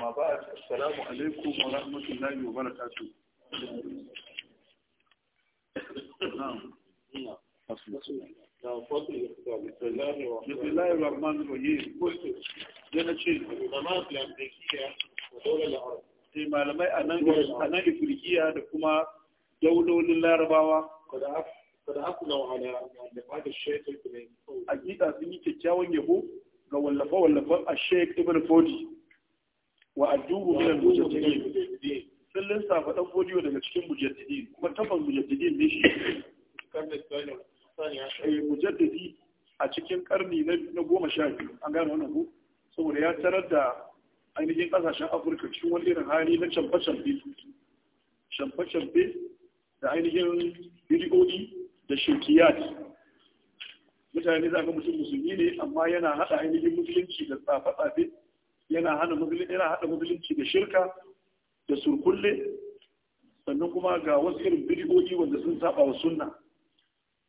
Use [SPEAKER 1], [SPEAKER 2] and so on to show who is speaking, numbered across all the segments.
[SPEAKER 1] amma ba assalamu alaikum wa rahmatullahi wa barakatuh eh, malamai a nan da kuma daulolin Larabawa kada aku da sun yi kyakkyawan yabo ga wallafa wallafan a shekaru Ibn Fodi wa adduhu min al-mujaddidin sun lissafa dan godiyo daga cikin mujaddidin kuma tabbas mujaddidin ne shi eh, mujaddidi a cikin karni na goma sha biyu an gano wannan ko, saboda ya tarar da ainihin kasashen afirka cikin wani irin hali na camfe-camfe camfe-camfe da ainihin bidigoyi da shirkiyati. mutane za ga mutum musulmi ne amma yana haɗa ainihin musulunci da tsafe-tsafe yana hana musulunci yana hada musulunci da shirka da surkulle sannan kuma ga wasu irin bidigogi wanda sun saba wa sunna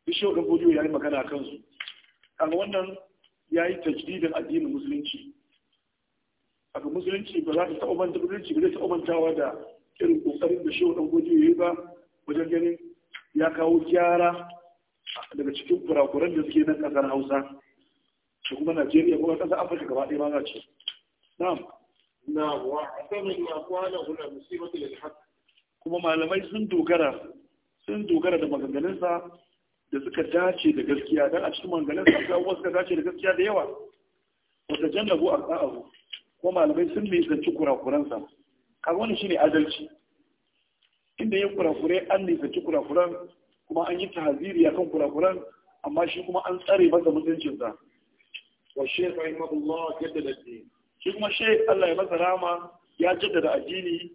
[SPEAKER 1] bishiyar da bodiyo ya yi magana kan wannan ya yi tajdidin addinin musulunci aka musulunci ba za ta taɓa manta musulunci ba zai taɓa mantawa da irin ƙoƙarin da shehu dan godiyo ya yi ba wajen ganin ya kawo gyara daga cikin kurakuran da suke nan ƙasar hausa da kuma najeriya kuma ƙasar afirka gaba ɗaya ma za ce na'am na wa asama ya kwana hula musibatu lil haqq kuma malamai sun dogara sun dogara da maganganunsa da suka dace da gaskiya dan a cikin maganganunsa ga wasu suka dace da gaskiya da yawa wata jannabu a aqa'ahu kuma malamai sun mai zanci kurakuransa kaga wannan shine adalci inda ya kurakure an nisanci kurakuran kuma an yi tahaziri akan kurakuran amma shi kuma an tsare masa mutuncinsa wa shaykh yadda jaddada din shi kuma shi Allah ya masa rama ya jaddada addini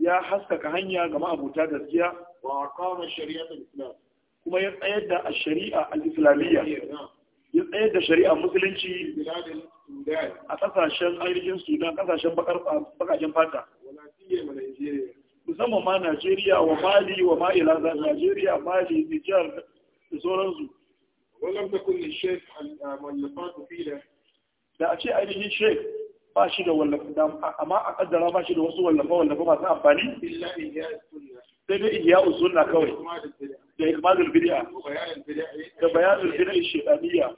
[SPEAKER 1] ya haskaka hanya ga ma'abuta gaskiya kuma ya tsayar da shari'a al-islamiyya ya tsayar da shari'a musulunci a kasashen ainihin sudan kasashen bakajen fata musamman ma najeriya wa mali wa ma'ila za najeriya mali nijar da sauransu ولم تكن al المؤلفات مفيدة da a ce ainihin shek ba shi da wallafa amma a kaddara ba shi da wasu wallafa wallafa masu amfani sai dai iya usunna kawai da ikmalul bid'a da bayanul bid'a shaytaniyya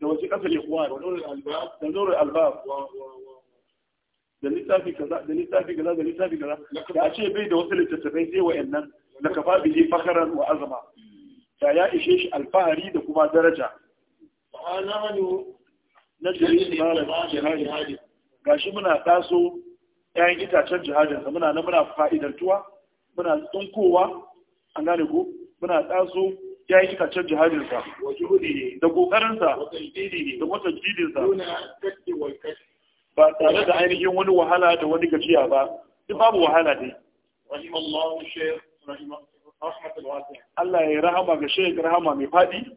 [SPEAKER 1] da wasu kafin ikhwan da nurul albab da littafi kaza da littafi kaza da littafi kaza da a ce bai da wasu littattafai sai wa'annan na kafa bihi fakaran wa azama da ya ishe shi alfahari da kuma daraja gashi muna taso ‘ya'yan itacen jihadinsa muna na muna fa'idantuwa muna tsunkowa a gane muna taso yi itacen jihadinsa da ƙoƙarinsa da wata jidinsa ba tare da ainihin wani wahala da wani gajiya ba duk babu wahala dai Allah ya rahama ga shayar rahama mai faɗi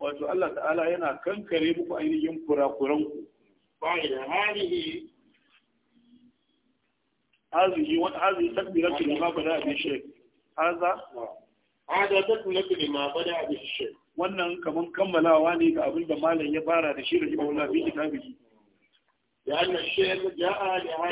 [SPEAKER 1] wato Allah ta'ala yana kankare muku ainihin kurakuran ku ba'ida halihi hazihi wa hazihi takbiratu lima bada abin shay haza hada takbiratu lima bada abin shay wannan kaman kammalawa ne ga abin da malam ya fara da shi rahimahu Allah bi kitabihi ya anna shayar ja'a li da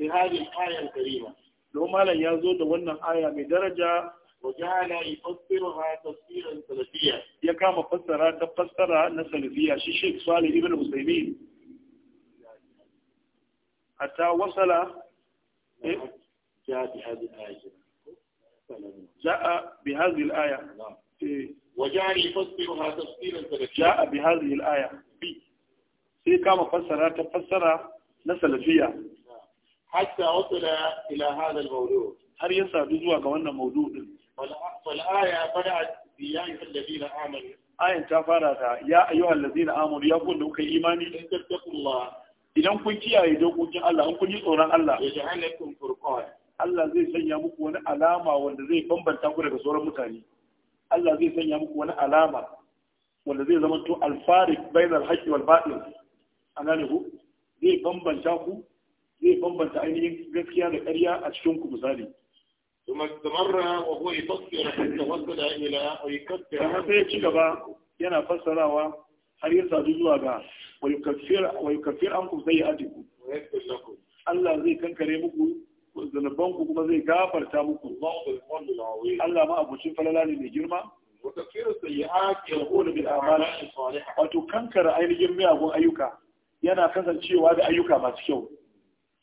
[SPEAKER 1] li hadhihi al-aya al-karima don malam ya zo da wannan aya mai daraja وجعل يفسرها تفسيرا سلفيا يا كما فسرها تفسرها سلفيا شي شيخ صالح ابن المسلمين حتى وصل إيه؟ جاء بهذه الآية جاء بهذه الآية نعم. إيه. وجعل يفسرها تفسيرا سلفيا جاء بهذه الآية في سي كما فسرها تفسرها سلفيا نعم. حتى وصل إلى هذا الموضوع هل يسعى زوا كوانا موجود والآية بدأت يا أيها ya آمنوا آية na يا ya الذين آمنوا kuka كل نوك إيماني إن تتقوا الله idan kun kiyaye dokokin Allah an kun yi tsoron Allah ya ja'alakum furqan Allah zai sanya muku wani alama wanda zai bambanta ku daga sauran mutane Allah zai sanya muku wani alama wanda zai zama to alfarik bainal haqqi wal batil ana ne ku zai bambanta ku zai bambanta ainihin gaskiya da ƙarya a cikin ku misali ثم استمر وهو يفسر حتى وصل إلى ويكفر حتى يتشكب ينا فسر har ya sadu zuwa ga wa yukaffir ankum sayi'atikum Allah zai kankare muku zanuban kuma zai gafarta muku Allah ma abucin falala ne mai girma wato kankara ainihin miyagun ayyuka yana kasancewa da ayyuka masu kyau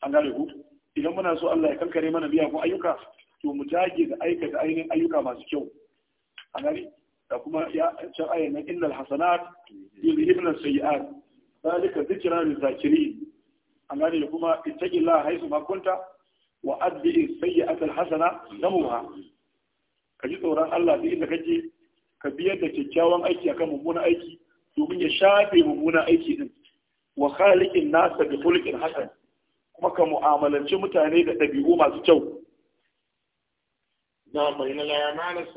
[SPEAKER 1] an gane ku idan muna so Allah ya kankare mana miyagun ayyuka to mu dage da aikata ainihin ayyuka masu kyau a gani da kuma ya can ayin nan innal hasanat yuzhibna sayiat zalika zikra lil zakirin A gani da kuma illa haisu ma wa adbi sayiat al hasana zamuha ka ji tsoron Allah da inda kake ka biyar da kyakkyawan aiki akan mummunan aiki domin ya shafe mummunan aiki din wa khaliqin nasa bi khuluqin hasan kuma ka mu'amalanci mutane da ɗabi'u masu kyau na bayyana layamal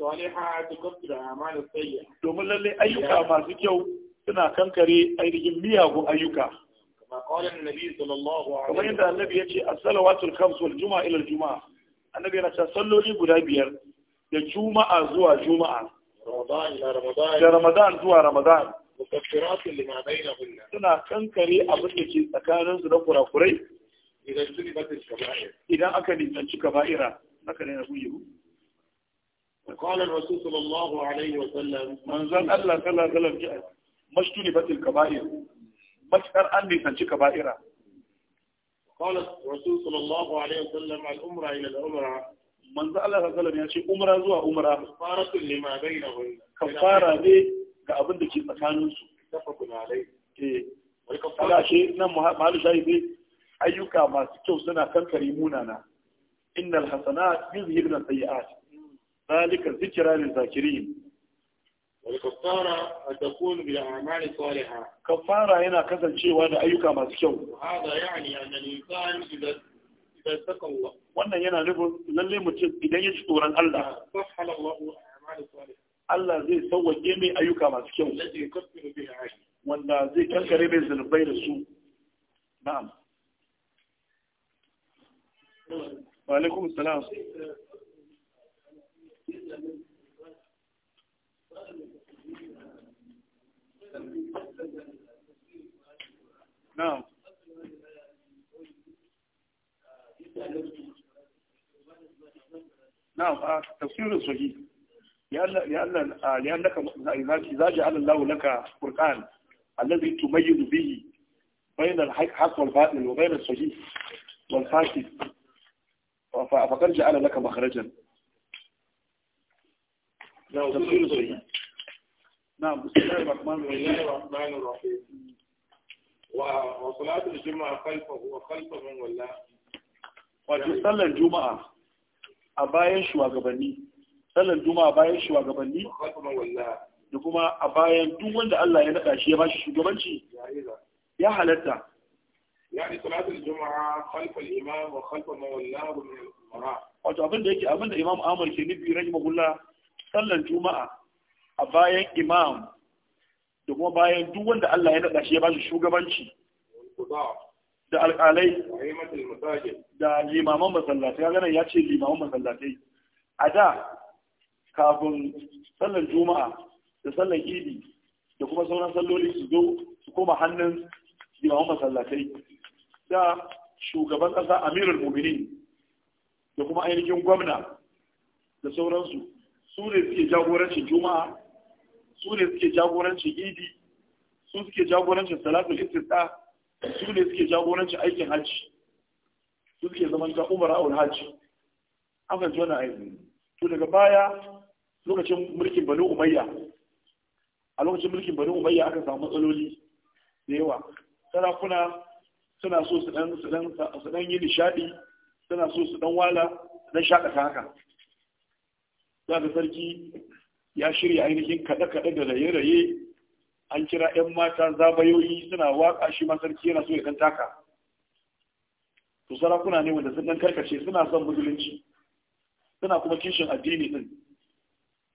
[SPEAKER 1] domin lalle ayyuka masu kyau suna kankare ainihin miyagun ayyuka kama kawalan nabi sallallahu alaihi kamar yadda annabi ce as-salawatul khams wal juma'a ila juma'a annabi yana ta salloli guda biyar da juma'a zuwa juma'a da ramadan zuwa ramadan suna kankare abin da ke tsakanin su da kurakurai idan aka nisanci kaba'ira haka قال الرسول صلى الله عليه وسلم من زال الله صلى الله عليه وسلم مشتوني بات الكبائر مشتر أني سنشي كبائرة قال الرسول صلى الله عليه وسلم الأمرة إلى الأمرة من زال الله صلى الله عليه وسلم يشي أمرة زوا أمرة كفارة لما بينهن كفارة دي كأبن دي كيف مكانوسو اتفق عليه شيء نعم مهالي شايف ayyuka masu kyau suna kankare munana innal hasanat yuzhibna sayi'at ذلك الذكرى للذاكرين والكفارة تكون kaffara takun كفارة هنا salihah kaffara yana kasancewa da ayyuka masu kyau hada yani إذا wannan yana nufin lalle mutum idan ya ci tsoron Allah Allah zai sauwaƙe mai ayyuka masu kyau wanda zai kankare mai zunubai da su na'am نعم نعم تفسير صحيح لأن لأنك إذا جعل الله لك قرآن الذي تميز به بين الحق والباطل وبين الصحيح والفاسد فقد جعل لك مخرجا نعم نعم بسم الله الرحمن الرحيم وصلاة الجمعة خلفه وخلف من ولا wato sallar juma'a a bayan shugabanni sallar juma'a bayan shugabanni da kuma a bayan duk wanda Allah ya naɗa shi ya bashi shugabanci ya halatta yani salatul juma'a khalfa al-imam wa khalfa man wallahu min al-umara wato abin da yake abin imam Ahmad ke nufi rahimahullah sallar juma'a a bayan imam da kuma bayan duk wanda Allah ya naɗa shi ya ba shi shugabanci da alƙalai da limaman masallatai ganin ya ce limaman masallatai a da kafin sallar juma'a da sallar idi da kuma sauran salloli su zo su koma hannun limaman masallatai da shugaban ƙasa amirul muminin da kuma ainihin gwamna da sauransu su ne suke jagorancin juma'a su ne suke jagorancin idi su suke jagorancin salatul istisqa su ne suke jagorancin aikin hajji su suke zaman ta umara ul hajji an fahimci wannan aiki to daga baya lokacin mulkin bani umayya a lokacin mulkin bani umayya aka samu matsaloli da yawa sarakuna suna so su dan su dan yi nishadi suna so su dan wala dan shakata haka za ga sarki ya shirya ainihin kaɗe-kaɗe da raye-raye an kira 'yan mata zabayoyi suna waƙa shi ma sarki yana so ya kan taka to sarakuna ne wanda sun ɗan karkace suna son musulunci suna kuma kishin addini din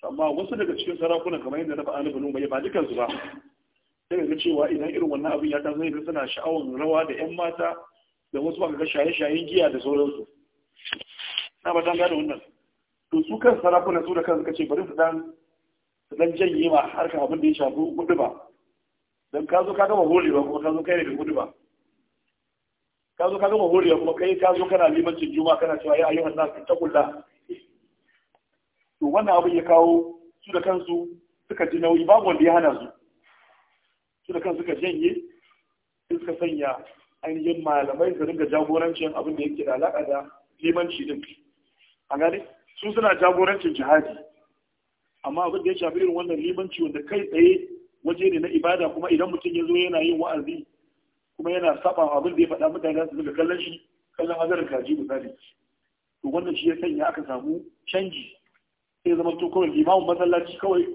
[SPEAKER 1] amma wasu daga cikin sarakuna kamar yadda na faɗa na banu bai ba dukansu ba sai ga cewa idan irin wannan abin ya taso da suna sha'awar rawa da 'yan mata da wasu ba ga shaye-shayen giya da sauransu na ba ta gado wannan to su kan sarakuna su da kan suka ce bari su dan su dan janye ma harkar abin da ya shafi gudu ba dan ka zo ka gama horewa kuma ka zo kai ne da gudu ba ka zo ka gama horewa kuma kai ka zo kana neman cin juma kana cewa ya ayyuhan ta taqulla to wannan abin ya kawo su da kansu suka ji nauyi babu wanda ya hana su su da kansu suka janye suka sanya ainihin malamai su ringa jagorancin abin da yake da alaƙa da limanci din a gane su suna jagorancin jihadi amma abin da ya shafi irin wannan limanci wanda kai tsaye waje ne na ibada kuma idan mutum ya zo yana yin wa'azi kuma yana saba abin da ya faɗa mutane su daga kallon shi kallon hazar kaji misali to wannan shi ya sanya aka samu canji sai zama to kawai limamin masallaci kawai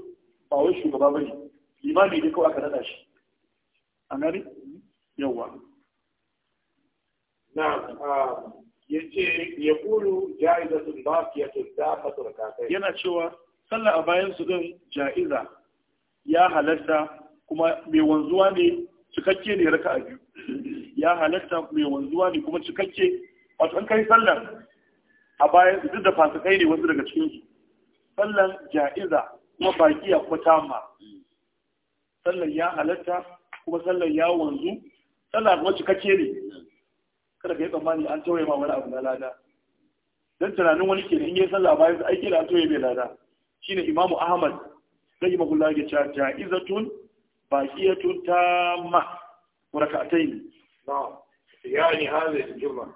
[SPEAKER 1] ba wai shugaba ba ne limami ne kawai aka naɗa shi an gani yawwa na yace ya kulu ja'izatun baqiyatun daqatu rakatai yana cewa sallah a bayan su din ja'iza ya halatta kuma mai wanzuwa ne cikakke ne raka'a biyu ya halatta mai wanzuwa ne kuma cikakke wato an kai sallan a bayan duk da fasikai ne wasu daga cikin su sallan ja'iza kuma baqiya kuma tamma sallan ya halatta kuma sallan ya wanzu sallah kuma cikakke ne kada ka yi tsammani an tauye ma wani abu na lada dan tunanin wani ke in yi sallah bayan aiki da an tauye mai lada shine imamu ahmad zai ma kullu ya cewa ja'izatun baqiyatun tamma rak'atayn na yani hadhihi al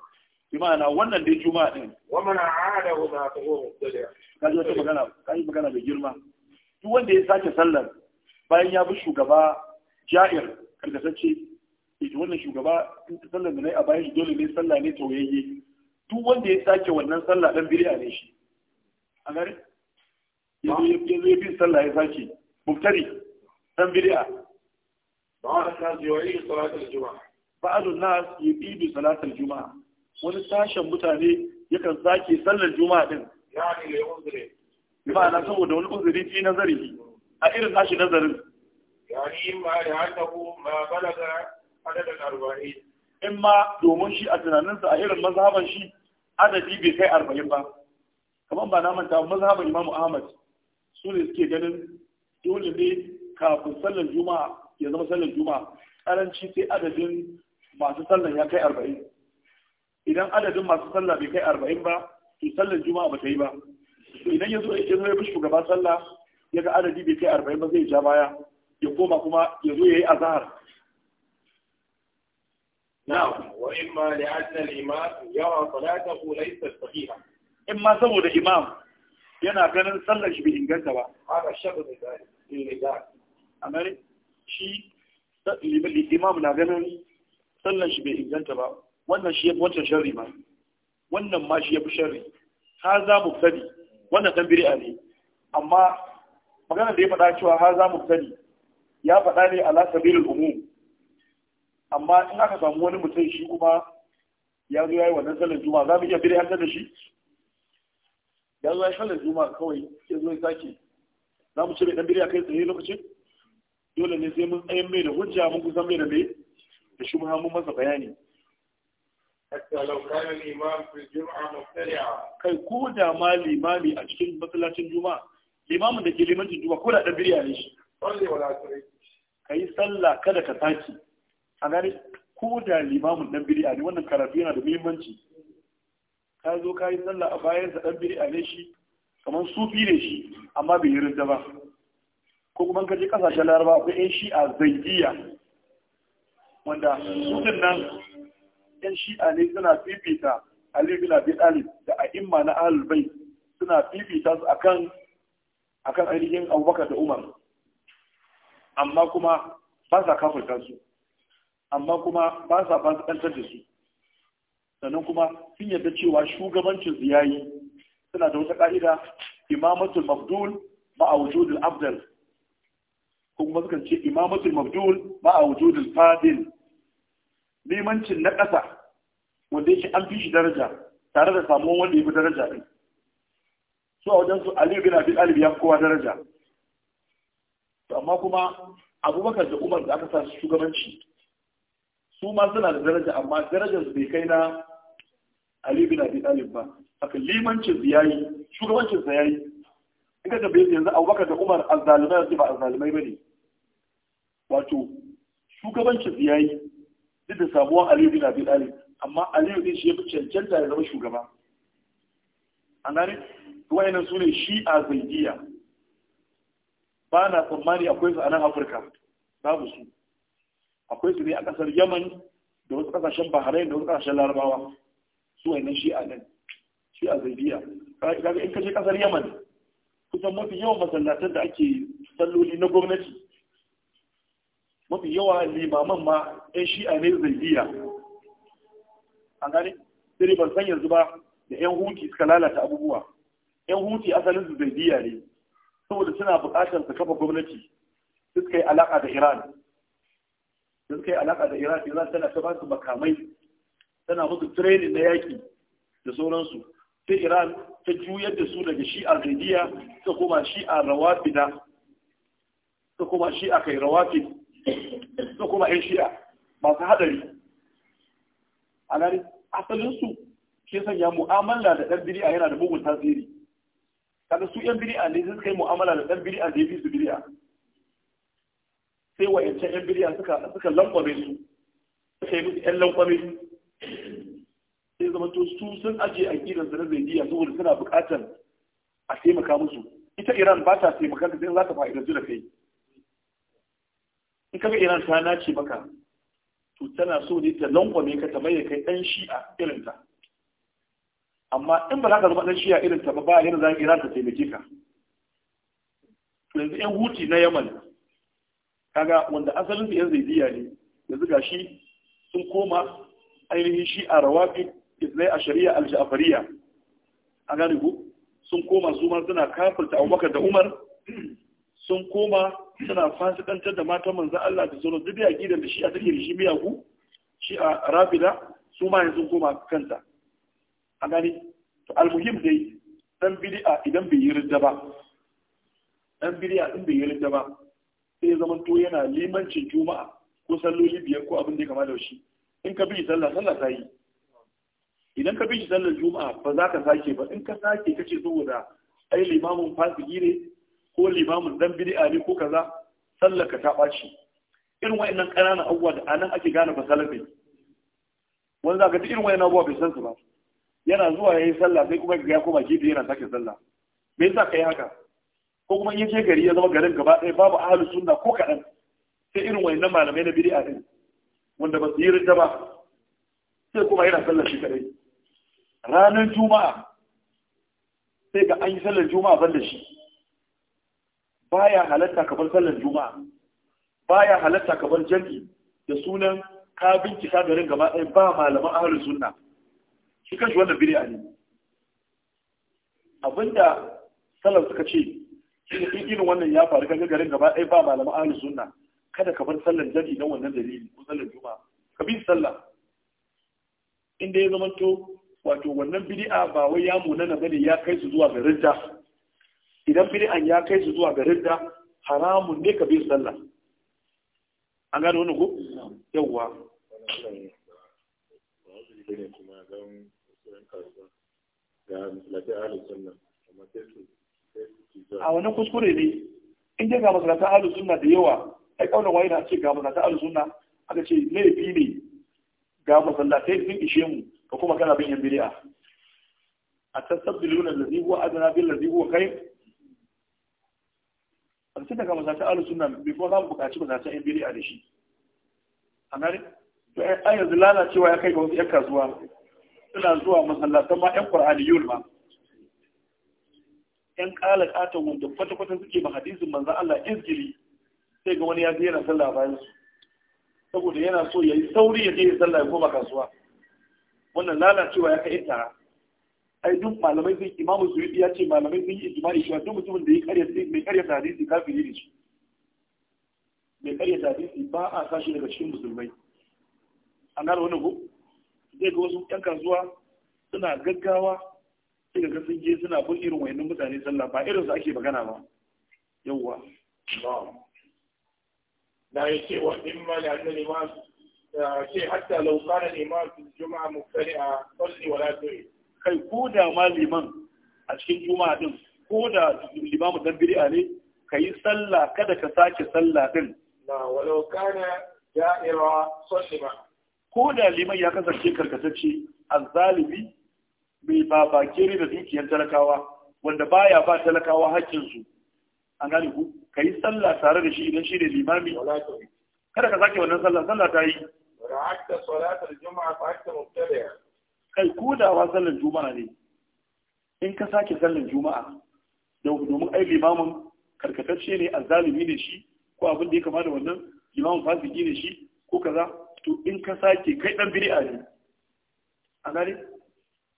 [SPEAKER 1] bimana wannan dai juma'a din wa man aada wa za ta huwa mubtadi kaji wata magana kaji magana mai girma duk wanda ya sake sallar bayan ya bi shugaba ja'ir karkatacce ita wannan shugaba sallar da na yi a bayan dole ne sallah ne yayi duk wanda ya sake wannan sallah dan biriya ne shi a gari ya zo ya bin sallah ya sake muftari dan biriya ba'adun nas yuqidu salatal juma'a wani sashen mutane yakan sake sallar juma'a din yani le ba na saboda wani uzuri fi nazari a irin nashi nazarin yani ma ya haka ma balaga adadin arba'in in ma domin shi a tunaninsa a irin mazhaban shi adadi bai kai arba'in ba kamar ba na manta mazhaban imamu ahmad su ne suke ganin dole ne kafin sallar juma'a ya zama sallar juma'a karanci sai adadin masu sallar ya kai arba'in idan adadin masu sallar bai kai arba'in ba to sallar juma'a ba ta yi ba idan ya zo ya zo ya bi shugaba sallah ya ga adadi bai kai arba'in ba zai ja baya ya koma kuma ya zo ya yi azahar na'am wa imma li anna al-imam yara salatahu laysa sahiha in ma saboda imam yana ganin sallar shi bai inganta ba haka shabu da zai da amare shi imam na ganin sallar shi bai inganta ba wannan shi yafi wancan sharri ma wannan ma shi sharri ha za mu wannan ya faɗa cewa ha za ya faɗa ne ala amma in aka samu wani mutum shi kuma ya zo ya yi wannan sallar juma'a za mu iya bid'antar da shi ya zo ya sallar juma'a kawai ya zo ya sake za mu cire dan a kai tsaye lokacin dole ne sai mun tsayin mai da hujja mun kusan mai da mai da shi mun masa bayani kai ko da ma limami a cikin masallacin juma'a limamin da ke limancin juma'a ko da dan bid'a ne shi kai sallah kada ka saki a gane ko da limamin dan bid'a ne wannan karatu yana da muhimmanci ka zo ka yi sallah a bayan sa dan a ne shi kamar sufi ne shi amma bai yarda ba ko kuma ka je kasashen laraba ko yan shi'a zangiya wanda sufin nan yan shi'a ne suna fifita Ali bin Abi Talib da a'imma na Ahlul suna fifita su akan akan ainihin Abubakar da Umar amma kuma ba sa kafirta su amma kuma ba sa fasikantar da su sannan kuma sun yadda cewa shugabancin su yayi suna da wata ka'ida imamatul mabdul a wujudul abdul ko kuma sukan ce imamatul mabdul a wujudul fadil limancin na ƙasa wanda yake an fi shi daraja tare da samuwan wanda ya fi daraja ɗin su a wajen su aliyu bin abin alibi ya kowa daraja amma kuma abubakar da umar da aka sa shugabanci su ma suna da daraja amma darajar su bai kai na Ali na Abi Talib ba haka limancin su yayi shugabancin sa yayi in ka tabbata yanzu Abubakar da Umar azzalimai su ba azzalimai ne. wato shugabancin su yayi duk da sabuwar Ali na Abi Talib amma Aliyu din shi ya fi cancanta ya zama shugaba an gane wayannan su ne shi a zaidiya ba na tsammani akwai su a nan Afirka babu su akwai su ne a kasar yaman da wasu kasashen bahrain da wasu kasashen larabawa su shi shi'a nan shi'a zaidiya kaga in kashe kasar yaman kusan mafi yawan masallatan da ake salloli na gwamnati mafi yawa limaman ma yan shi'a ne zaidiya A gani sai ban san yanzu ba da yan huti suka lalata abubuwa yan huti asalin su zaidiya ne saboda suna buƙatar su kafa gwamnati suka yi alaƙa da iran da suka yi alaƙa da Iran Iran tana ta basu makamai tana musu training na yaki da sauransu sai Iran ta juyar da su daga a zaidiya ta koma a rawafina ta koma a kai rawafin ta koma yan shi'a masu hadari a nan asalinsu ke sanya mu'amala da ɗan biri'a yana da mugun tasiri kada su yan biri'a ne suka kai mu'amala da ɗan biri'a da ya fi su biri'a sai wa'ancan yan biriya suka lankwame su suka yi musu yan lankwame sai zama to su sun aje a su na zaidiya saboda suna buƙatar a taimaka musu ita iran ba ta taimakon ka sai za ta fa'idantu da kai in kaga iran ta nace maka to tana so ne ta lankwame ka ta maye kai ɗan shi'a irinta amma in ba za ka zama ɗan shi'a irinta ba ba yana za iran ta taimake ka yanzu 'yan huti na yaman kaga wanda asalin da yan zaidiya ne yanzu ga shi sun koma ainihin shi a rawafi isnai a shari'a al-ja'fariya a gane ku sun koma su ma suna kafirta abubakar da umar sun koma suna fasikantar da matan manzan Allah da sauran dubiya gidan da shi a take shi shi ku shi a rafida su ma yanzu koma kanta a gani to almuhim dai dan bid'a idan bai yi ridda ba dan bid'a din bai yi ridda ba sai ya zama to yana limancin juma'a ko salloli biyar ko abin da ya kama da shi in ka bi sallah sallah ta yi idan ka bi sallah juma'a ba za ka sake ba in ka sake ka ce saboda ai limamin fasiki ne ko limamin dan bid'a ne ko kaza sallar ka ta baci irin wayannan ƙananan abubuwa da anan ake gane ba bai wani zaka ji irin wayannan abubuwa bai san su ba yana zuwa yayin sallah sai kuma ya koma gidi yana sake sallah me yasa kai haka ko kuma in je gari ya zama garin gaba ɗaya babu ahalus sunna ko kaɗan sai irin wayannan malamai na bid'a din wanda ba su yi rinda ba sai kuma yana sallar shi kaɗai ranar juma'a sai ga an yi sallar juma'a ban da shi baya halatta kabar sallar juma'a baya halatta kabar jami'i da sunan ka bincika garin gaba ɗaya ba malaman ahalus sunna shi kanshi wannan bid'a ne abinda sallar suka ce shi da irin wannan ya faru kaga garin gaba ɗaya ba malaman ahlus sunna kada ka bar sallar jami'i don wannan dalili ko sallar juma ka bi sallah inda ya zamanto wato wannan bid'a ba wai ya munana bane ya kai su zuwa ga ridda idan bid'an ya kai su zuwa ga ridda haramun ne ka bi sallah an gano wani ko yawwa ga sunna sai su a wani kuskure ne in ga masalatan ahlus sunna da yawa ai kaulan waye na ce ga masalatan ahlus sunna aka ce laifi ne ga masallatai sun ishe mu ka kuma kana bin yan bid'a a tasabbiluna allazi huwa adna bil ladhi huwa khair an sai daga masalatan ahlus sunna bi kuma za mu buƙaci masalatan yan bid'a da shi a gare to ai yanzu lalacewa ya kai ga wasu yan kasuwa suna zuwa masallatan ma yan qur'aniyul ma yan kala katon wanda kwata-kwata suke ba hadisin manzan Allah izgili sai ga wani ya je yana sallah bayan su saboda yana so ya yi sauri ya je ya sallah ya koma kasuwa wannan lalacewa ya kai tara ai duk malamai sun imamu su ya ce malamai sun yi ijma'i cewa duk mutumin da ya karya mai karya hadisi kafiri ne shi mai karya hadisi ba a sashi daga cikin musulmai an gane wani ko zai ga wasu yan kasuwa suna gaggawa sai ga sun je suna bin irin wayannan mutane sallah ba irin su ake magana ba yawwa na ya ce wa in ma da annabi ma ce hatta law kana liman fi juma'a a salli wa tu'i kai ko da ma liman a cikin juma'a din ko da limamu dan bid'a ne yi sallah kada ka sake sallah din na walau kana da'ira salli ma ko da liman ya kasance karkatacce azzalimi mai babakere da dukiyar talakawa wanda baya ba talakawa haƙƙinsu an gane ku ka yi sallah tare da shi idan shi ne limami kada ka sake wannan sallah sallah ta yi kai ku da wa sallar juma'a ne in ka sake sallar juma'a domin ai limamin karkatacce ne azzalimi ne shi ko abin da ya kama da wannan limamin fasiki ne shi ko kaza to in ka sake kai dan bid'a ne a gane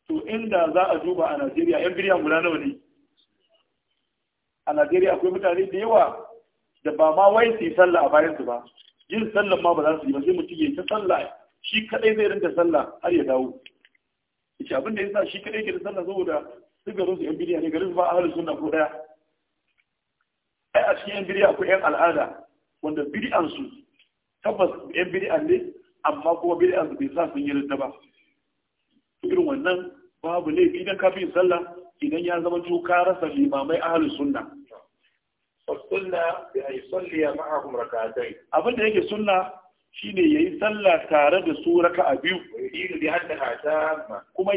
[SPEAKER 1] to inda za a duba a Najeriya yan birya guda nawa ne a Najeriya akwai mutane da yawa da ba ma wai su yi sallah a bayan su ba yin sallah ma ba za su yi ba sai mutum ya ta sallah shi kadai zai rinka sallah har ya dawo shi abin da yasa shi kadai ke da sallah saboda su garo su yan birya ne garin ba ahlus sunna ko ɗaya. ai a cikin yan birya akwai yan al'ada wanda bid'an su tabbas yan bid'an ne amma kuma bid'an su bai sa sun yi rinta ba irin wannan babu laifi dan kafin sallah idan ya zama to ka rasa limamai ahlus sunna sunna ya yi salli ma'ahum rak'atayn abin da yake sunna shine yayi sallah tare da su raka'a biyu yiri bi hadda ta kuma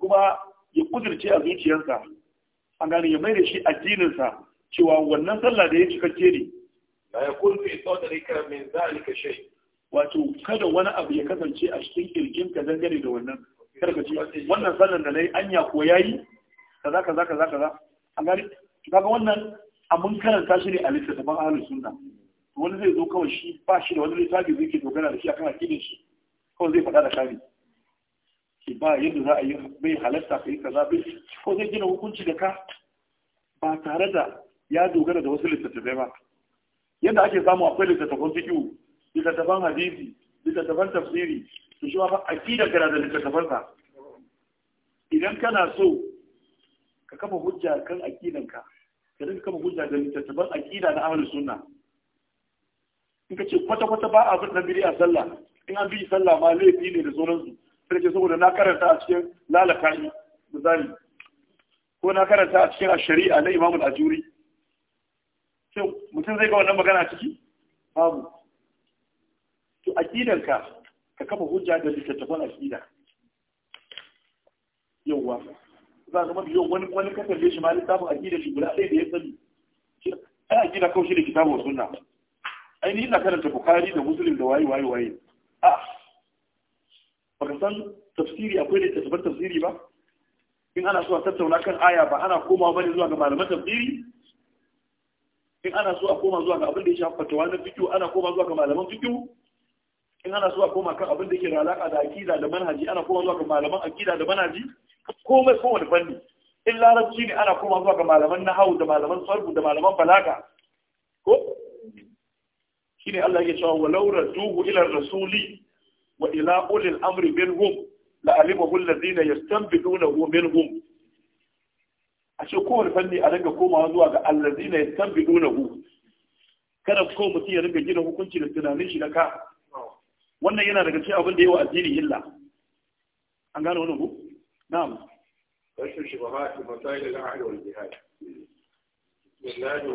[SPEAKER 1] kuma ya kudirce a zuciyarsa an gane ya maida shi addininsa cewa wannan sallah da ya cikakke ne la yakun fi sadrika min zalika shai wato kada wani abu ya kasance a cikin ka dangane da wannan kada ka wannan sallan da nayi anya ko yayi kaza kaza kaza kaza an gani kaga wannan a mun karanta shi ne a littattafan ahlus sunna wani zai zo kawai shi ba shi da wani littafi zai ke dogara da shi akan akidin shi kawai zai faɗa da kare ki ba yadda za a yi bai halatta kai kaza bai ko zai gina hukunci da ka ba tare da ya dogara da wasu littattafai ba yadda ake samu akwai littattafan fiqh littattafan hadisi littattafan tafsiri su shi ba aqidar gara da littafin ka idan kana so ka kafa hujja kan aqidan ka ka dinga kafa hujja da littafin aqida na ahlus sunna in ka ce kwata kwata ba a bin biri a sallah in an bi sallah ma laifi ne da sauransu sai ce saboda na karanta a cikin lalaka ni misali ko na karanta a cikin shari'a na imamul ajuri shin mutum zai ga wannan magana ciki babu to aqidanka ka kafa hujja da littattafan aƙida yauwa za ka mafi yau wani wani da shi ma littafin aƙida shi guda ɗaya da ya sani ai aƙida kawai shi da kitabun sunna ainihin na karanta bukari da musulun da waye waye waye a baka san tafsiri akwai da tafsirin tafsiri ba in ana so a tattauna kan aya ba ana komawa bane zuwa ga malaman tafsiri in ana so a koma zuwa ga abin da ya shafa fatawa na fikiyu ana koma zuwa ga malaman fikiyu in ana zuwa koma kan abin da ke da alaƙa da akida da manhaji ana koma zuwa ga malaman akida da manhaji komai da fanni in larabci ne ana koma zuwa ga malaman nahawu da malaman sarbu da malaman balaga ko shine Allah yake cewa walau raduhu ila rasuli wa ila ulil amri minhum la alimahu alladhina yastanbidunahu minhum a ce wani fanni a daga komawa zuwa ga alladhina yastanbidunahu kada ko mutum ya riga gina hukunci da tunanin shi na ka wannan yana daga cikin abin da yawa addini illa an gane wannan ku na'am kashin shubahati masail al-ahl wal jihad bismillahir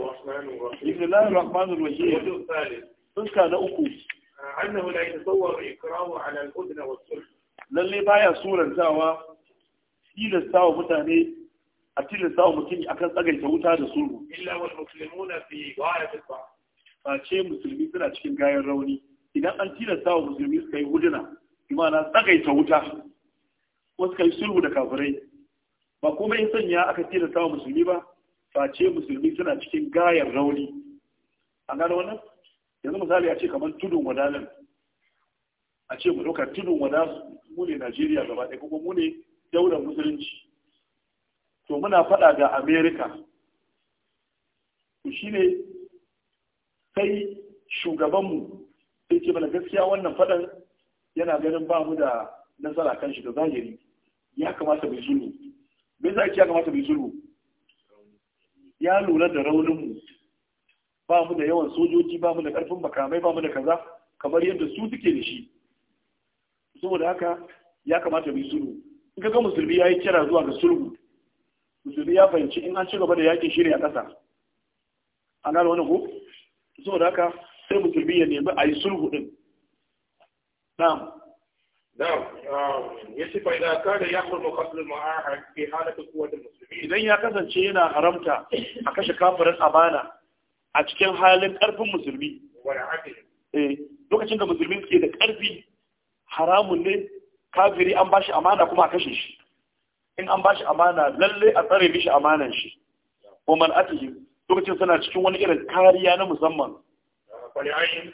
[SPEAKER 1] rahmanir rahim fuska na uku annahu la yatasawwar ikrahu ala al-udna was-sulh lalle baya surantawa tilasta wa mutane a tilasta wa mutum akan tsagaita wuta da sulhu illa wal muslimuna fi ghayat al Ba ce musulmi suna cikin gayar rauni idan an tilasta wa musulmi suka yi huduna imana tsagaita wuta wasu kai sulhu da kafirai ba kuma ya sanya aka tilasta wa musulmi ba face musulmi suna cikin gayar rauni an gano wannan yanzu misali a ce kamar tudun Wadalar. a ce mu ɗauka tudun wada mu ne najeriya gaba ɗaya kuma mu ne daular musulunci to muna faɗa ga amerika to shine sai shugabanmu sai ce gaskiya wannan faɗan yana ganin ba mu da nasara kan shi da zahiri ya kamata bai zulmu bai za ya kamata bai zulmu ya lura da rauninmu ba mu da yawan sojoji ba mu da ƙarfin makamai ba mu da kaza kamar yadda su suke da shi saboda haka ya kamata bai sulhu in ga musulmi ya yi kira zuwa ga sulhu musulmi ya fahimci in an ci gaba da yakin shirya ƙasa an gano wani ko saboda haka sai musulmi ya nemi a yi sulhu din na'am na'am um, ya ce fa idan kada ya kurma kasul mu'ahad fi halatu quwwatil musulmi. idan ya kasance yana haramta a kashe kafirin amana a cikin halin karfin musulmi eh lokacin da musulmi suke da karfi haramun ne kafiri an bashi amana kuma a kashe shi in an bashi amana lalle a tsare mishi amanan shi Kuma al'atihi atihi lokacin suna cikin wani irin kariya na musamman ولأن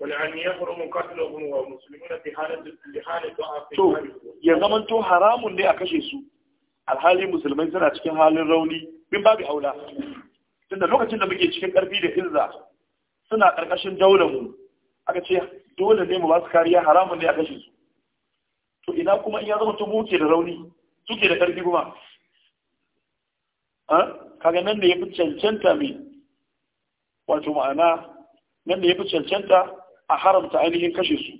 [SPEAKER 1] ولأن يحرم قتلهم ومسلمون في حالة في حالة ضعف to ya zaman to haramun ne a kashe su alhali musulmai suna cikin halin rauni bin babu aula tunda lokacin da muke cikin karfi da izza suna karkashin daular mu aka ce dole ne mu ba su kariya haramun ne a kashe su to ina kuma in ya zama to muke da rauni suke da karfi kuma a kaga nan da ya fi cancanta mai wato ma'ana nan da ya fi cancanta a haramta ainihin kashe su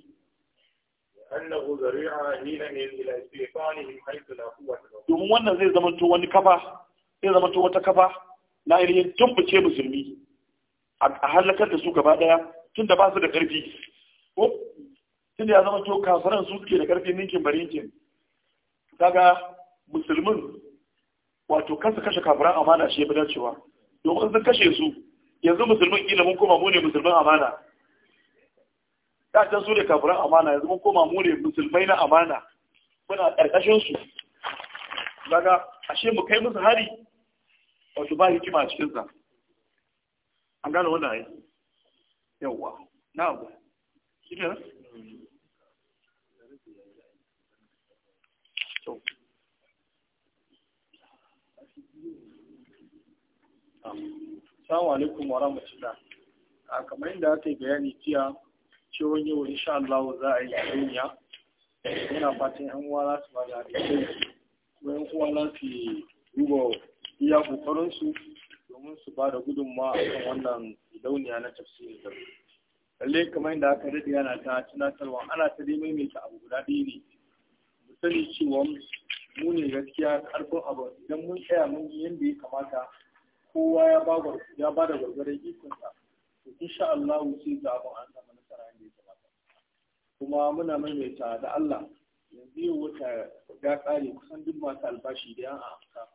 [SPEAKER 1] domin wannan zai zamanto wani kafa zai zamanto wata kafa na ainihin tumbuce musulmi a halakar da su gaba daya tun da ba su da karfi ko tun da ya to kafiran su suke da karfi ninkin barinkin Daga musulmin wato kansa kashe kafiran amana shi ya fi dacewa domin sun kashe su yanzu musulmin kila mun koma mu ne musulmin amana da can su ne kafiran amana yanzu mun koma mu ne musulmai na amana muna ƙarƙashinsu. su daga ashe mu kai musu hari wato ba hikima a cikinsa an gane wannan ai yawwa na abu shi ne Um... Assalamu alaikum wa rahmatullah. A kamar yadda aka yi bayani jiya, ciwon yau insha Allah za a yi duniya. yana fatan 'yan uwa za su ba da haɗin kuma ƴan uwa za su duba iya ƙoƙarinsu domin su ba da gudunmawa akan wannan launiya na tafsirin da lalle kamar yadda aka daɗe yana ta tunatarwa ana ta dai maimaita abu guda ɗaya ne mu sani cewa mu ne gaskiya ƙarfin abu idan mun tsaya mun yi yadda ya kamata kowa ya ba ya ba da gwargwaron ikonsa to insha Allah sai ga abin an samu nasara yadda ya kamata kuma muna maimaita da Allah yanzu yau wata ya kare kusan duk masu albashi da yan afka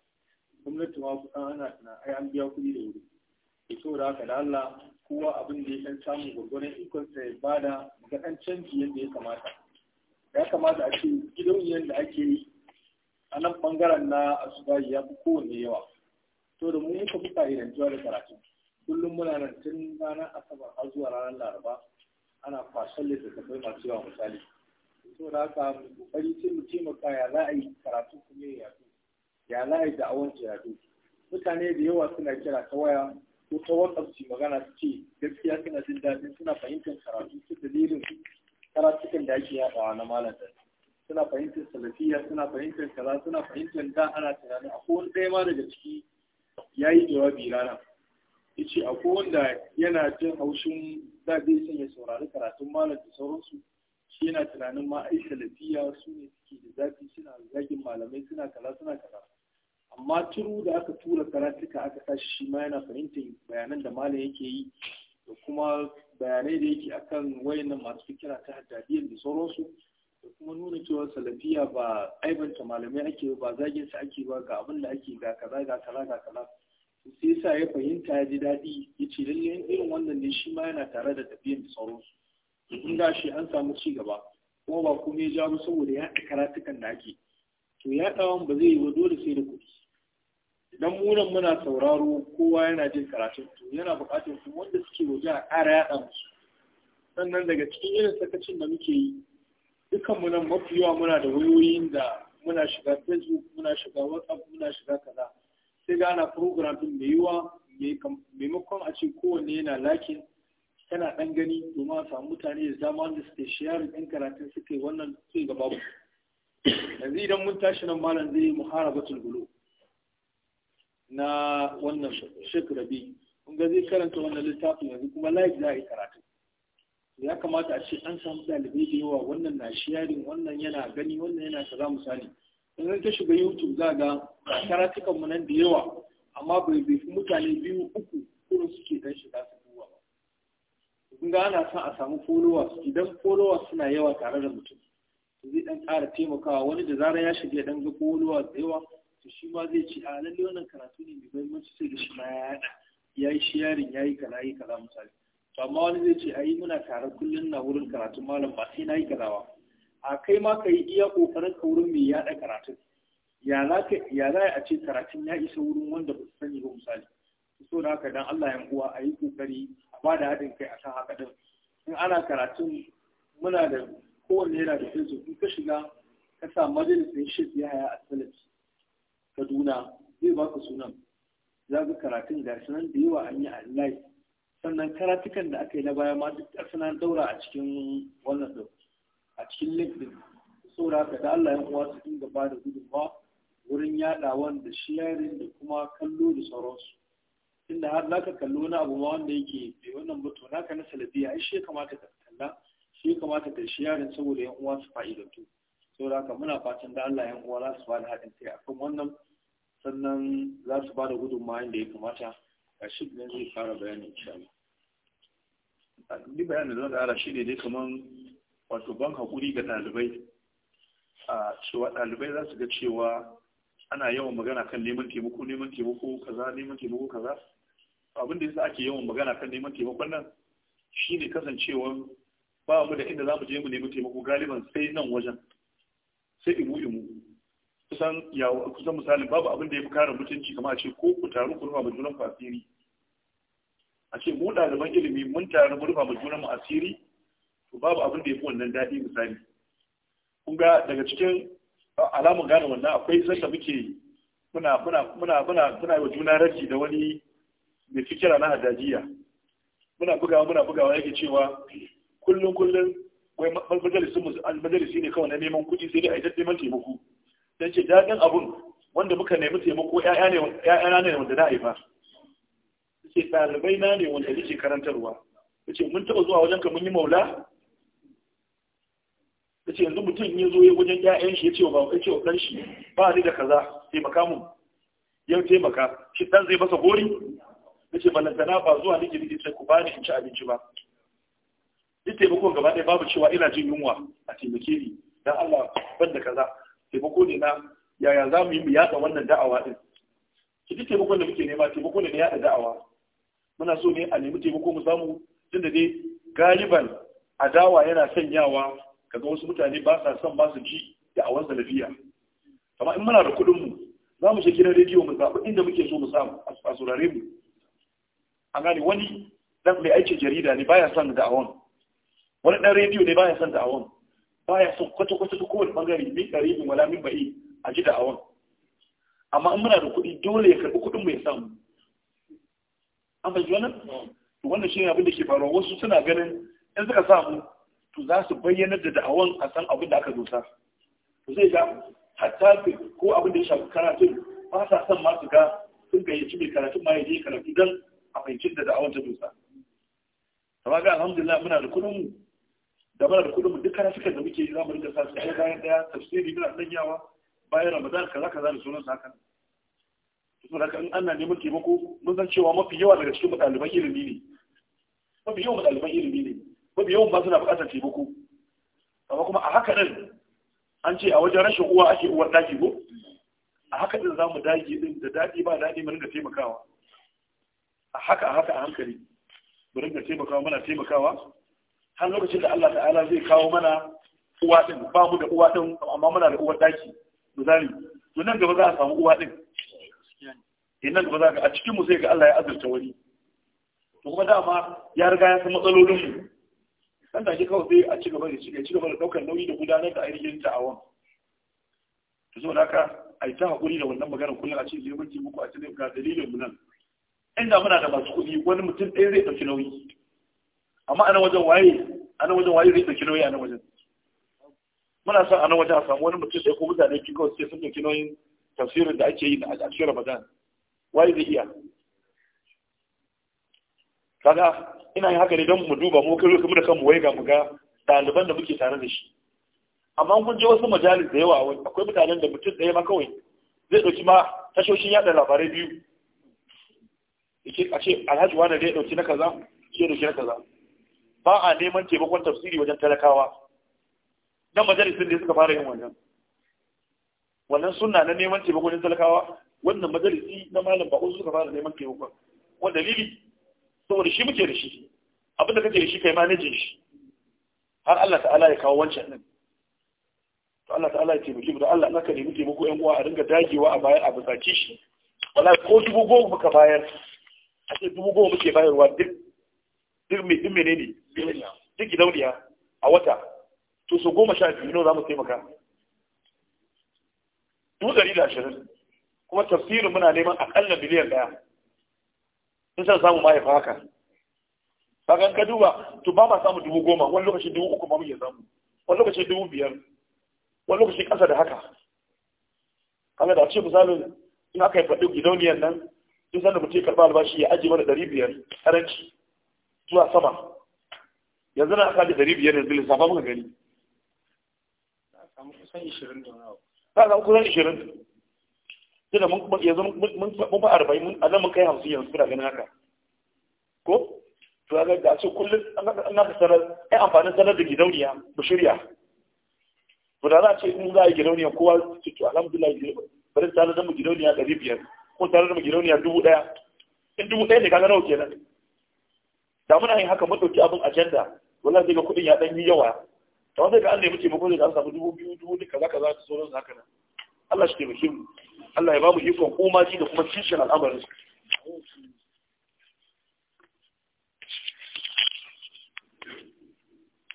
[SPEAKER 1] gwamnati ma kusan ana tana ai an biya kuɗi da wuri to da haka da Allah kowa abin da ya san samun gwargwaron ikonsa ya da ga ɗan canji yadda ya kamata ya kamata a ce gidauniyar yadda ake yi a nan ɓangaren na asubahi ya fi kowane yawa to da mu muka fi nan da karatu kullum muna nan tun ranar asabar har zuwa ranar laraba ana kwashen littattafai masu yawa misali to da haka mu kokari sai mu taimaka ya za a yi karatu kuma ya yato ya za a yi da'awar mutane da yawa suna kira ta waya ko ta whatsapp su magana su ce gaskiya suna jin daɗin suna fahimtar karatu su dalilin karatukan da ake yawa na malam suna fahimtar salafiya suna fahimtar kaza suna fahimtar da ana tunani a kowane ɗaya ma daga ciki ya yi jawabi rana ya ce akwai wanda yana jin haushin zaɓe sun ya saurari karatun malam da sauransu shi yana tunanin ma lafiya su ne suke da zafi suna zagin malamai suna kala suna kaza amma turu da aka tura karatuka aka tashi shi ma yana fahimtar bayanan da malam yake yi da kuma bayanai da yake akan wayannan masu fikira ta haddadiyar da sauransu kuma nuna cewa salafiya ba aibanta malamai ake ba zagin su ake ba ga abin da ake ga kaza ga kaza ga kaza sai yasa ya fahimta ya ji daɗi ya ce lalle irin wannan ne shi ma yana tare da tafiyan da sauransu in da shi an samu ci gaba kuma ba kuma ya jawo saboda ya ɗa karatukan da ake to ya ɗawan ba zai yi ba dole sai da kuɗi idan nan muna sauraro kowa yana jin karatun to yana buƙatar kuma wanda suke waje a ƙara yaɗa musu sannan daga cikin irin sakacin da muke yi dukkan mu nan mafi yawa muna da wayoyin da muna shiga facebook muna shiga whatsapp muna shiga kaza sai ga ana program din mai yiwa maimakon a ce kowanne yana lakin tana dan gani domin a samu mutane da dama wanda suke shiyar ɗin karatun suke wannan sai gaba mu yanzu idan mun tashi nan malam zai yi muharabatul gulo na wannan shekarabi rabi kun ga zai karanta wannan littafin yanzu kuma live za a yi karatun ya kamata a ce an samu ɗalibai da yawa wannan na sharing wannan yana gani wannan yana kaza misali in ka shiga youtube za ga karatukan mu nan da yawa amma bai bai mutane biyu uku kuma suke dan shiga su duba ba kun ga ana son a samu followers idan followers suna yawa tare da mutum zai dan ƙara taimakawa wani da zarar ya shiga dan ga followers da yawa to shi ma zai ci, a lalle wannan karatu ne mai muhimmanci sai da shi ma ya ya yi sharing ya yi kaza ya yi kaza misali to amma wani zai ce a yi muna tare kullum na wurin karatun malam ba sai na yi kazawa a kai ma ka yi iya kokarin ka wurin mai yaɗa karatun ya za a ce karatun ya isa wurin wanda ba su sani ba misali so da haka dan Allah yan uwa a yi kokari a ba da haɗin kai a haka din in ana karatun muna da kowanne yana da facebook in ka shiga ka sa majalisin shif ya haya a salis kaduna zai baka sunan za ka karatun gashi nan da yawa an yi a live sannan karatukan da aka yi na baya ma duk da suna daura a cikin wannan da a cikin link ɗin saboda haka da Allah ya uwa su dinga ba da gudunmawa wurin yada da sharing da kuma kallo da sauransu inda har za ka kallo na abu ma wanda yake bai wannan ba to naka na salafiya ai shi ya kamata ka kalla shi ya kamata ka sharing saboda yan uwa su fa'idantu saboda haka muna fatan da Allah yan uwa za su ba da haɗin kai akan wannan sannan za su ba da gudunmawa inda ya kamata Rashid zai fara bayani insha Allah. Ni bayanin da zan ƙara shi ne dai kaman wato ban haƙuri ga ɗalibai. A cewa ɗalibai za su ga cewa ana yawan magana kan neman taimako neman taimako kaza neman taimako kaza. Abin da yasa ake yawan magana kan neman taimakon nan shine kasancewa ba mu da inda za mu je mu nemi taimako galiban sai nan wajen. Sai imu imu kusan yawo kusan misalin babu abin da ya fi kare mutunci kamar a ce ko ku taru ku rufa majunan ku asiri a ce mu ɗaliban ilimi mun taru mu rufa majunan mu asiri to babu abin da ya fi wannan daɗi misali kun ga daga cikin alamun gane wannan akwai zan da muke muna muna muna muna muna yi wa juna raji da wani mai fikira na hadajiya muna bugawa muna bugawa yake cewa kullum kullum wai majalisi ne kawai na neman kuɗi sai dai a yi neman taimako sai ce daɗin abun wanda muka nemi taimako ‘ya'yana ne wanda na haifa ce ɗalibai na ne wanda nake karantarwa su ce mun taɓa zuwa wajenka mun yi maula su ce yanzu mutum ya zo ya wajen ‘ya'yan shi ya ce wa ɗan shi ba ni da kaza taimaka mu yau taimaka shi ɗan zai masa gori su ce balantana ba zuwa nake nake sai ku bani in ci abinci ba duk taimakon gaba ɗaya babu cewa ina jin yunwa a taimake ni don Allah ban da kaza taimako ne na yaya za mu yi mu yada wannan da'awa din ki ji taimakon da muke nema taimako ne na yada da'awa muna so ne a nemi taimako mu samu tunda dai galiban adawa yana sanyawa kaga wasu mutane ba sa son ba su ji da'awar salafiya amma in muna da kuɗin mu za mu je gidan rediyo mu zaɓi inda muke so mu samu a saurare mu an gane wani dan mai aikin jarida ne baya son da'awan wani dan rediyo ne baya son da'awan baya son kwata-kwata duk kowane bangare min karibin wala min ba'i a ji da awon amma in muna da kuɗi dole ya karɓi kuɗin mai samu an fahimci wannan wannan shi abin da ke faruwa wasu suna ganin in suka samu to za su bayyanar da da'awan a san abin da aka dosa to zai ga hatta ko abin da ya shafi karatun ba sa son ma su ga sun gayyaci mai karatun ma ya je karatu don a fahimci da da'awan ta dosa amma ga alhamdulillah muna da kuɗin mu da mara da kudin duk kana suka da muke za mu rinka sa su ɗaya bayan ɗaya tafsiri muna yawa bayan ramadan kaza kaza da sunan sa haka saboda an in ana neman taimako mun san cewa mafi yawa daga cikin ɗaliban ilimi ne mafi yawan ɗaliban ilimi ne mafi yawan ba suna buƙatar taimako amma kuma a haka nan an ce a wajen rashin uwa ake uwar ɗaki ko a haka din za mu dage din da daɗi ba daɗi mu rinka taimakawa a haka a haka a hankali mu rinka taimakawa muna taimakawa har lokacin da Allah ta'ala zai kawo mana uwa din ba mu da uwa din amma muna da uwa daki misali to nan gaba za a samu uwa din eh nan gaba za ka a cikin mu sai ga Allah ya azurta wani to kuma dama ya riga ya san matsalolin mu dan da kawai sai a cigaba gaba da ci gaba da daukar nauyi da gudanar da ainihin ta'awan to zo da ka ai ta hakuri da wannan magana kullum a ce zai muku a cikin ga dalilin mu nan inda muna da masu kuɗi wani mutum ɗaya zai ɗauki nauyi amma ana wajen waye ana wajen waye zai dauki nauyi ana wajen muna son ana wajen a samu wani mutum sai ko mutane biyu kawai sai sun dauki nauyin tafsirin da ake yi a cikin Ramadan waye zai iya kaga ina yin haka ne don mu duba mu kai kuma da kanmu wai ga mu ga ɗaliban da muke tare da shi amma kun je wasu majalis da yawa akwai mutanen da mutum ɗaya ma kawai zai ɗauki ma tashoshin yaɗa labarai biyu a ce alhaji wani da ya ɗauki na kaza shi ya ɗauki na kaza ba a neman taimakon tafsiri wajen talakawa nan majalisun da suka fara yin wannan wannan suna na neman taimakon wajen talakawa wannan majalisi na malam ba suka fara neman taimakon wanda dalili saboda shi muke da shi abin da kake da shi kai manajin shi har Allah ta'ala ya kawo wancan din to Allah ta'ala ya taimake mu da Allah naka nemi taimako yan uwa a ringa dagewa a bayar a busace shi wallahi ko dubu goma muka bayar a ce dubu goma muke bayarwa duk duk menene duk duk gidauniya a wata to so goma sha biyu nawa za mu taimaka dubu ɗari da ashirin kuma tafsirin muna neman aƙalla miliyan ɗaya in san samu ma ya fi haka bakan ka duba to ba ma samu dubu goma wani lokaci dubu uku ma muke samu wani lokaci dubu biyar wani lokaci ƙasa da haka kaga da ce misalin in aka yi faɗi gidauniyar nan in da mutum ya karɓa albashi ya ajiye mana ɗari biyar karanci zuwa sama yanzu na aka ji ɗari biyar yanzu lissafa muka gani kusan ishirin da wani kusan ishirin tunda mun yanzu mun fa arba'in a nan mun kai hamsin yanzu kuna ganin haka ko to ga ga su kullum an aka sanar ai amfanin sanar da gidauniya mu shirya ba da za ce in za a yi gidauniya kowa su to alhamdulillah bari ta tare da gidauniya ɗari biyar ko ta da gidauniya dubu ɗaya in dubu ɗaya ne kaga nawa kenan da muna yin haka mun ɗauki abin ajanda wallahi ga kuɗin ya dan yi yawa to wanda ga an nemi taimako ne da an samu dubu biyu dubu duka zaka za ka sauran haka nan Allah shi taimake mu Allah ya ba mu ikon komaji da kuma kishin al'amarin